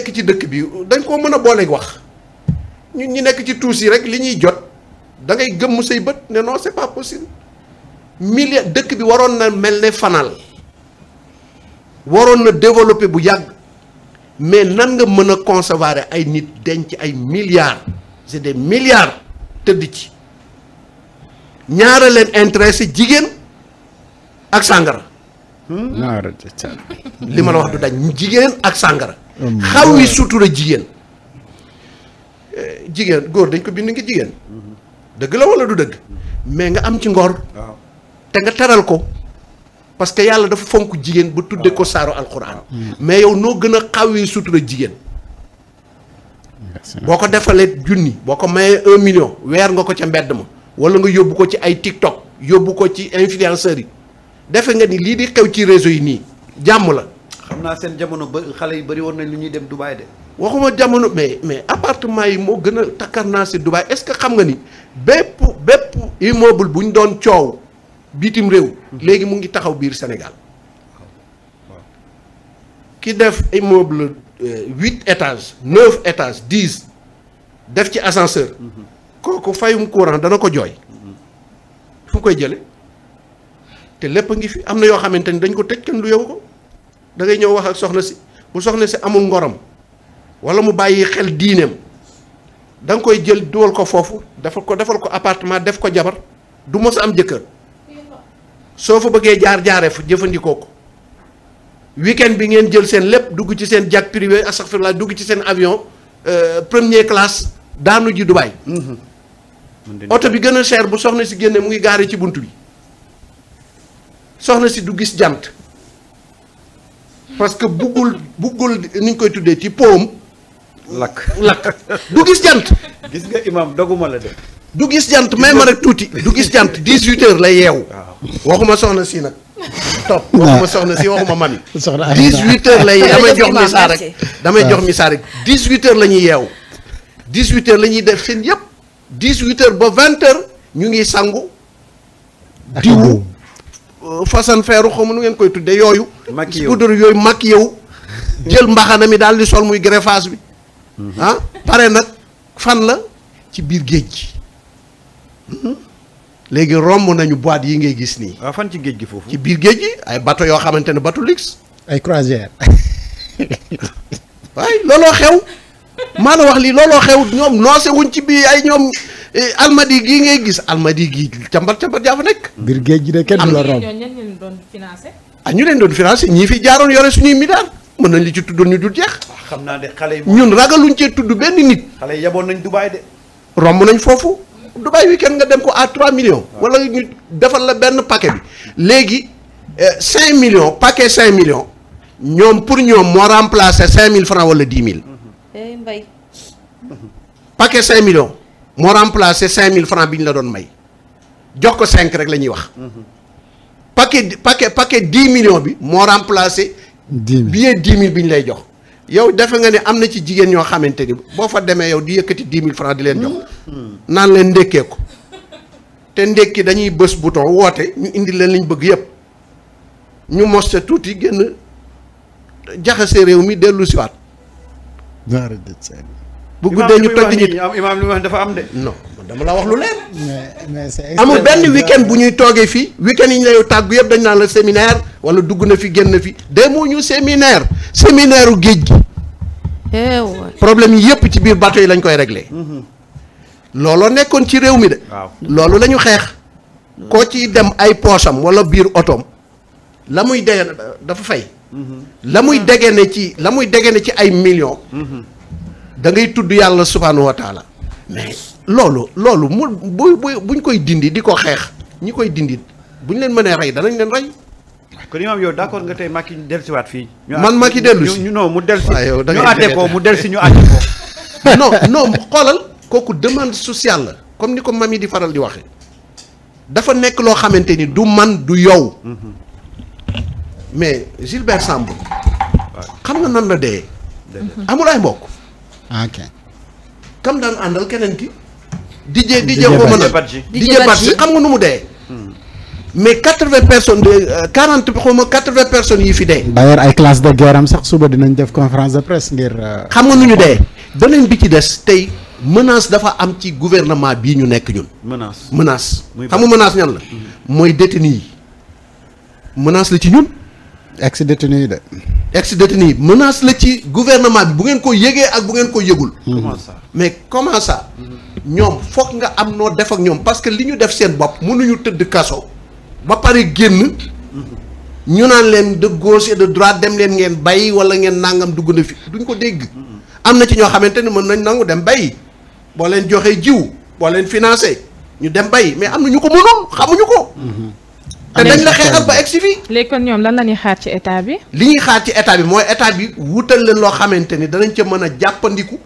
nekk ci dëkk bi dañ koo mën a booleeg wax ñun ñu nekk ci tuus yi rek li ñuy jot da ngay gëmm say bët ne non c'est pas possible dëkk bi waroon na mel ne fanal waroon na développer bu yàgg mais nan nga mën a concevoir ay nit denc ay milliards c'est des milliards tëdd ci ñaara leen intéressé jigéen ak sàngara Hmm? li ma la wax du dañ jigéen ak sàngara hmm. xaw yi sutura jigéen eh, jigéen góor dañ ko bind ngi jigéen dëgg la wala du dëgg mais nga am ci ngoor te nga teral ko parce que yàlla dafa fonk jigéen ba tuddee ko saaro alxuraan hmm. mais yow noo gën a xawee sutura jigéen boo ko defalee junni boo ko mayee un million weer nga ko ca mbedd ma wala nga yóbbu ko ci ay TikTok yóbbu ko ci influenceurs yi defe nga ni lii di xew ci réseau yi nii jàmm la. xam naa seen jamono ba xale yi bëri woon nañ lu ñuy dem Dubaay de. waxuma jamono mais mais appartement yi moo gën a takkar naa si Dubaay est-ce que xam nga ni bépp bépp immeuble bu ñu doon coow bitim réew. Mhm. léegi mu ngi taxaw biir Sénégal. ki def immeuble euh, huit étages neuf étages dix def ci ascenseur. Mhm. kooku fayum courant dana ko jooy. Mhm. fu koy jële te lépp a ngi fi am na yoo xamante ni dañ ko tëj kenn du yow ko da ngay ñëw wax ak soxna si bu soxna si amul ngorom wala mu bàyyi xel diineem da nga koy jël duwal ko foofu defal ko defal ko appartement def ko jabar du mos am jëkkër soo fa bëggee jaar jaaree fu jëfandikoo ko weekend bi ngeen jël seen lépp dugg ci seen jet privé astaghfirullah dugg ci seen avion euh, première classe daanu ji Dubaay. Mm-hmm. oto bi gën a cher bu soxna si génne mu ngi gaare ci bunt bi. soxna si du gis jant parce que buggul buggul ni ñu koy tuddee ci poom lakk lakk du gis jant gis nga imam doguma la du gis jant may ma rek tuuti du gis jant dix-huit heures la yeewu waxuma soxna si nag topp waxuma soxna si waxuma mami dix-huit heures lay damay jox misaal rek damay jox misaal rek dix-huit heures la ñuy yeewu dix-huit heures la ñuy def seen yëpp dix-huit heures ba vingt heures ñu ngi sangu diwu Euh, façon feeru xaw ma ngeen koy tudde yooyu. maquillé wu poudre yooyu maquillé wu jël mbaxana mi daal di sol muy greffage bi. Mhm. ah pare nag fan la ci biir géej gi. Hmm? léegi romb nañu boîte yi ngay gis nii. Ah, fan ci géej gi foofu. ci biir géej gi ay bateau yoo xamante ne bateau luxe. ay croisière. waaye looloo xew. maa la wax lii looloo xew ñoom noose wuñ ci biir ay ñoom. Eh, almadi gii ngay gis almadi gii cambar cambar jaa fa nekk. mbir géej gi de kenn du la romb doon financé. Ah, ñu leen doon financé ñii fi jaaroon yore suñuy milliards mën nañ li ci tuddoon ñu du jeex. Ah, xam naa de xale ñun ragaluñ cee tudd benn nit. xale yi yaboon nañ Dubaay de. romb nañ foofu. Dubaay kenn nga dem ko à 3 millions. Ah. wala ñu defal la benn paquet bi. léegi 5 eh, millions paquet cinq millions ñoom pour ñoom moo remplacé 5000 francs wala 10 000. day mbay. millions. moo cinq mille francs bi ñu la doon may jox ko 5 rek la ñuy wax. paquet paquet paquet 10 million bi moo remplacé. bi 000 billet 10 bi ñu lay jox. yow defe nga ne am na ci jigéen ñoo xamante ni boo fa demee yow di yëkkati 10 mille francs di leen jox. naan leen ndékkee ko te ndekki dañuy bës bouton woote ñu indi leen liñ bëgg yépp ñu moste tuuti génn jaxase réew mi dellu siwaat. bu guddee ñu toj nit dafa am de. non dama la wax lu leer. mais mais amul benn weekend bu ñuy toogee fii weekend yi ñu lay tàggu yëpp dañ naan la séminaire wala dugg na fi génn fi demoo ñu séminaire séminaire u géej gi. Eh problème yi yëpp ci biir bateau yi lañ koy regle mhm. looloo nekkoon ci réew mi de. loolu la xeex. koo ci dem ay poosam wala biir otoom la muy dege dafa fay. Mhm. la muy dege ne ci la muy dege ne ci ay millions. Mhm. da ngay tudd yàlla subhaanahu wa taala mais loolu loolu mu bu bu buñ koy dindi di ko xeex ñi koy dindi buñ leen mënee rey danañ leen rey. kon imaam yow d'accord nga tey Macky dellusiwaat fii. man Macky dellu si ñu non mu dellu si ñu àtte mu dellu si ñu àtte ko. xoolal kooku demande sociale la comme ni ko mam yi di faral di waxee dafa nekk loo xamante ni du man du yow. Mhm. mais Gilbert Sambou xam nga nan la dee. amul ay mbokk. ok kam daan àndal keneen ki. DJ DJ boobu nag DJ Badji xam nga nu mu dee. mais quatre-vingts personnes de euh, quarante xaw ma quatre-vingts personnes yi fi dee. d'ailleurs ay classe de guerre am sax suba dinañ def conférence de presse ngir. Euh, xam nga nu ñu dee beneen bi ci des tey menace dafa am ci gouvernement bii ñu nekk ñun. menace menace. xam nga menace ñan la. Mm-hmm. mooy détenu yi menace la ci ñun. ex détenu yi de. ex détenu yi menace la ci gouvernement bi bu ngeen ko yëgee ak bu ngeen ko yëgul. Hmm. comment ça mais comment ça. ñoom foog nga am noo def ak ñoom parce que li ñu def seen bopp mënuñu tëdd kaso. ba pare génn. ñu naan leen de gauche et de droite dem leen ngeen bay wala ngeen nangam dugg na fi duñ ko dégg. Hmm. am na ci ñoo xamante ni mën nañ nangu dem bay boo leen joxee jiw boo leen financé ñu dem bay mais am na ñu ko mënoon xamuñu ko. Hmm. te dañ la xeexal ba egg si fii. léegi kon ñoom lan la ñuy xaar ci état bi. li ñuy xaar ci état bi mooy état bi wutal leen loo xamante ni danañ ca mën a jàppandiku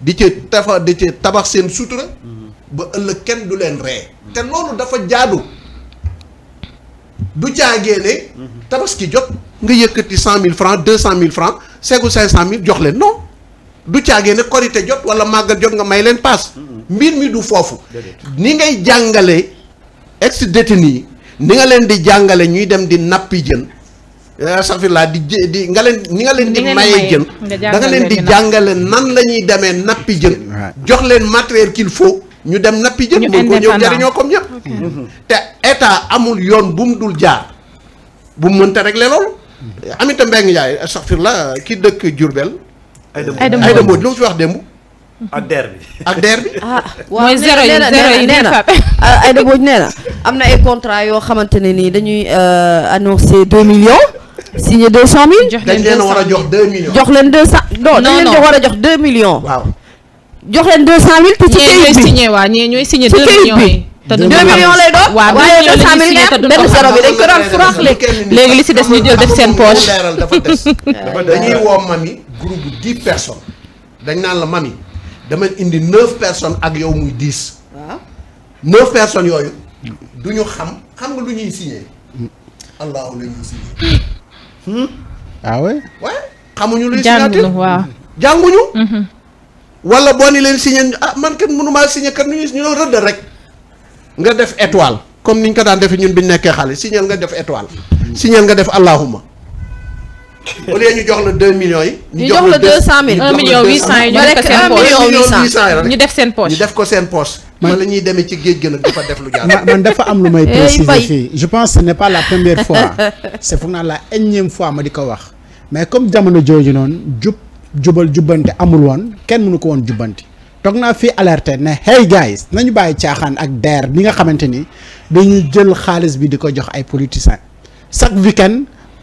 di ca tafa di ca tabax seen sutura. Mm-hmm. ba ëllëg kenn du leen ree. te loolu dafa jaadu du caagee ne. Mm-hmm. tabaski jot nga yëkkati cent mille francs deux cent mille francs seegu cinq cent mille jox leen non du caagee ne korite jot wala màggal jot nga may leen paas. Mm-hmm. mbir mi du foofu. ni ngay jàngalee ex détenu yi ni nga leen di jàngale ñuy dem di nappi jën eh, safirla di di nga leen ni nga leen di maye jën da nga leen di jàngale nan la ñuy demee nappi jën jox leen matériel qu'il faut ñu dem nappi jën mën ko ñëw jariñoo comme ñëpp mhm. te état amul yoon bu mu dul jaar bu mu mënta régler loolu mm-hmm. Aminata Mbengue Ndiaye safirla ki dëkk Diourbel ay dem ay dem lu mu fi wax démb ak der bi. ak der bi. ah, ah mooy zéro yi zéro yi nee na ah, Aïda Mbodj nee na am na ay contrat yoo xamante ne nii dañuy euh, annoncé 2 millions. signé 200 000. jox leen 200 000 dañ leen war a jox 2 millions. jox leen 200 a jox 2 millions. waaw jox leen 200 000. te ci kayit waa ñee ñooy signé 2 millions yi. te duñ ko xam 2 millions lay doon. waaw waaye 200 000 ngeen am benn zéro bi dañ ko doon furax léegi li si des ñu jël def seen poche. dafa des dañuy woo mami groupe 10 personnes dañ naan la mami dama indi neuf personnes ak yow muy diis waaw ah. neuf personnes yooyu. du ñu xam xam nga lu ñuy signé. allahu la ñuy signé. Hmm? ah oui. xamuñu luy signature waaw jànguñu. Mm-hmm. wala boo ni leen signé ah man kat mënumaa signé kat nu ñuy ñu rëdd rek. nga def étoile comme ni ñu ko daan defee ñun bi ñu nekkee xale signal nga def étoile. Mm-hmm. signal nga def allahuma au lieu ñu jox la 2 millions yi. ñu jox la 200000 1 yi ñu def ko seen poche 1 ñu def ko seen poche. man la ñuy demee ci géej gi nag dafa def lu jaar. man dafa am lu may eh, préciser fii je pense ne n'est pas la première fois c'est foog naa la énième fois ma di ko wax mais comme jamono jooju noonu jub jubal jubbante amul woon kenn mënu ko woon jubbanti. toog naa fii alerté ne hey guys nañu bàyyi caaxaan ak DER bi nga xamante ni dañuy jël xaalis bi di ko jox ay politiciens chaque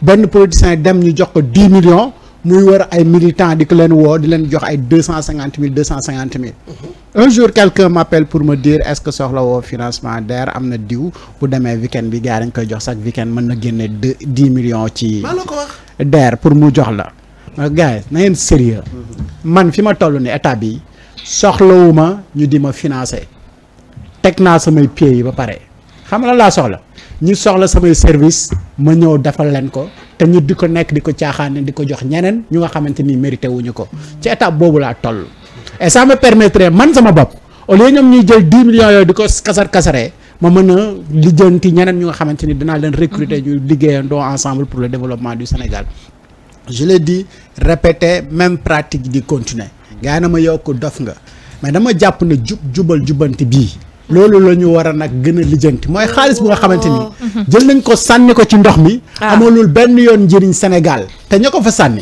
benn politicien dem ñu jox ko 10 millions muy war ay militants di ko leen woo di leen jox ay 250 000 250 000. un jour quelqu'un m'appelle pour me dire est-ce que soxla woo DER am na diw bu demee weekend bi gars dañ koy jox chaque weekend mën na génne deux 10 millions ci. maa la pour mu jox la. gars yi na ngeen mhm. man fi ma toll ni état bi soxlawuma ñu di ma financer teg naa samay pieds yi ba pare xam la laa soxla ñu soxla samay service ma ñëw defal leen ko te ñu di ko nekk di ko caaxaane di ko jox ñeneen ñu nga xamante ni mérité wuñu ko ci étape boobu laa toll et ça me permettrait man sama bopp au lieu ñoom ñuy jël 10 millions yooyu di ko kasar kasaree ma mën a lijjanti ñeneen ñu nga xamante ni dinaa leen recruter ñu liggéeyandoo ensemble pour le développement du Sénégal je di dit même pratique di continuer gars yi na ma yokk dof nga mais dama jàpp ne jub jubal jubanti bii loolu la ñu war a nag gën a lijjanti mooy xaalis bu nga xamante ni. jël nañ ko sànni ko ci ndox mi. Ah. amalul benn yoon njëriñ Sénégal te ña ko fa sànni.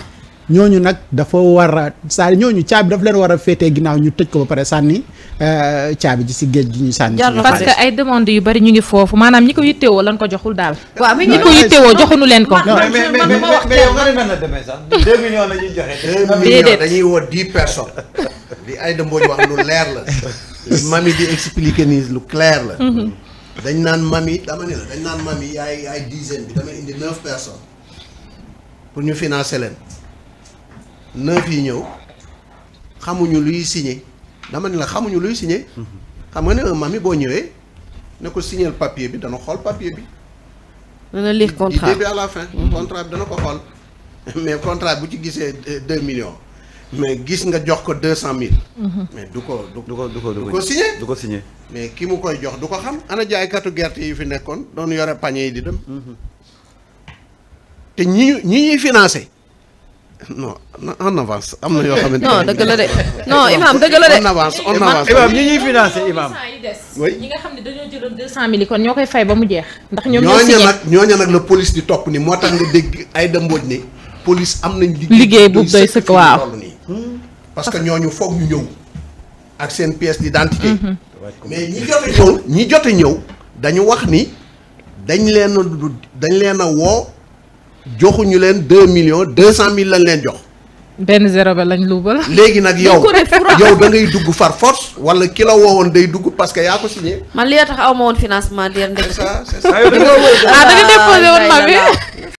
ñooñu nag dafa war a saa ñooñu caabi dafa leen war a féetee ginnaaw ñu tëj ko ba pare sànni euh, caabi ji si géej gi ñu sànni. parce que ay demande yu bari ñu ngi foofu maanaam ñi ko yittewoo lan ko joxul daal. waaw ñi ko yittewoo joxuñu leen ko. mais mais mais yow nga ne nan joxe. 2 millions dañuy woo 10 personnes. li ay mami di expliquer nii lu clair la. Mhm. dañ naan mami dama ne la dañ naan mami yaay ay dizaine bi dama indi neuf personnes pour ñu financer leen neuf yi ñëw xamuñu luy signé dama ne la xamuñu luy signe mhm. xam nga ne un mami boo ñëwee ne ko signer papier bi dana xool papier bi. dana lire contrat bi à la fin. Mhm. contrat bi dana ko xool mais contrat bu ci gisee deux millions. mais gis nga jox ko deux cent mille. Mhm. mais du ko du ko du ko du ko du ko signé. mais ki mu koy jox du ko xam ana jaaykatu gerte yi fi nekkoon doon yore pañe yi di dem. Mhm. te ñi ñi ñuy financé. na en avance am na yoo xamante ne. non dëgg la de non Imaam dëgg la de. en avance en Imaam ñi ñuy financé Imaam. ñi nga xam ne dañoo jëloon deux cent mille kon ñoo koy fay ba mu jeex. ndax ñoom ñoo signé ñooñu ñoo ñooñu nag la police di topp ni moo tax nga dégg ay dëmbooj ni police am nañ. liggéey bu parce que ñooñu foog ñu ñëw ak seen pièce d'identité mais ñi jote ñëw ñi jote ñëw dañu wax ni dañ leen dañ leen a woo joxuñu leen deux millions deux cent mille lañ leen jox benn zéro ba lañ luubal léegi nag yow yow da ngay dugg far force wala ki la woowoon day dugg parce que yaa ko signé man li tax aw ma woon financement DER ndek c'est ça c'est ça da woon ma bi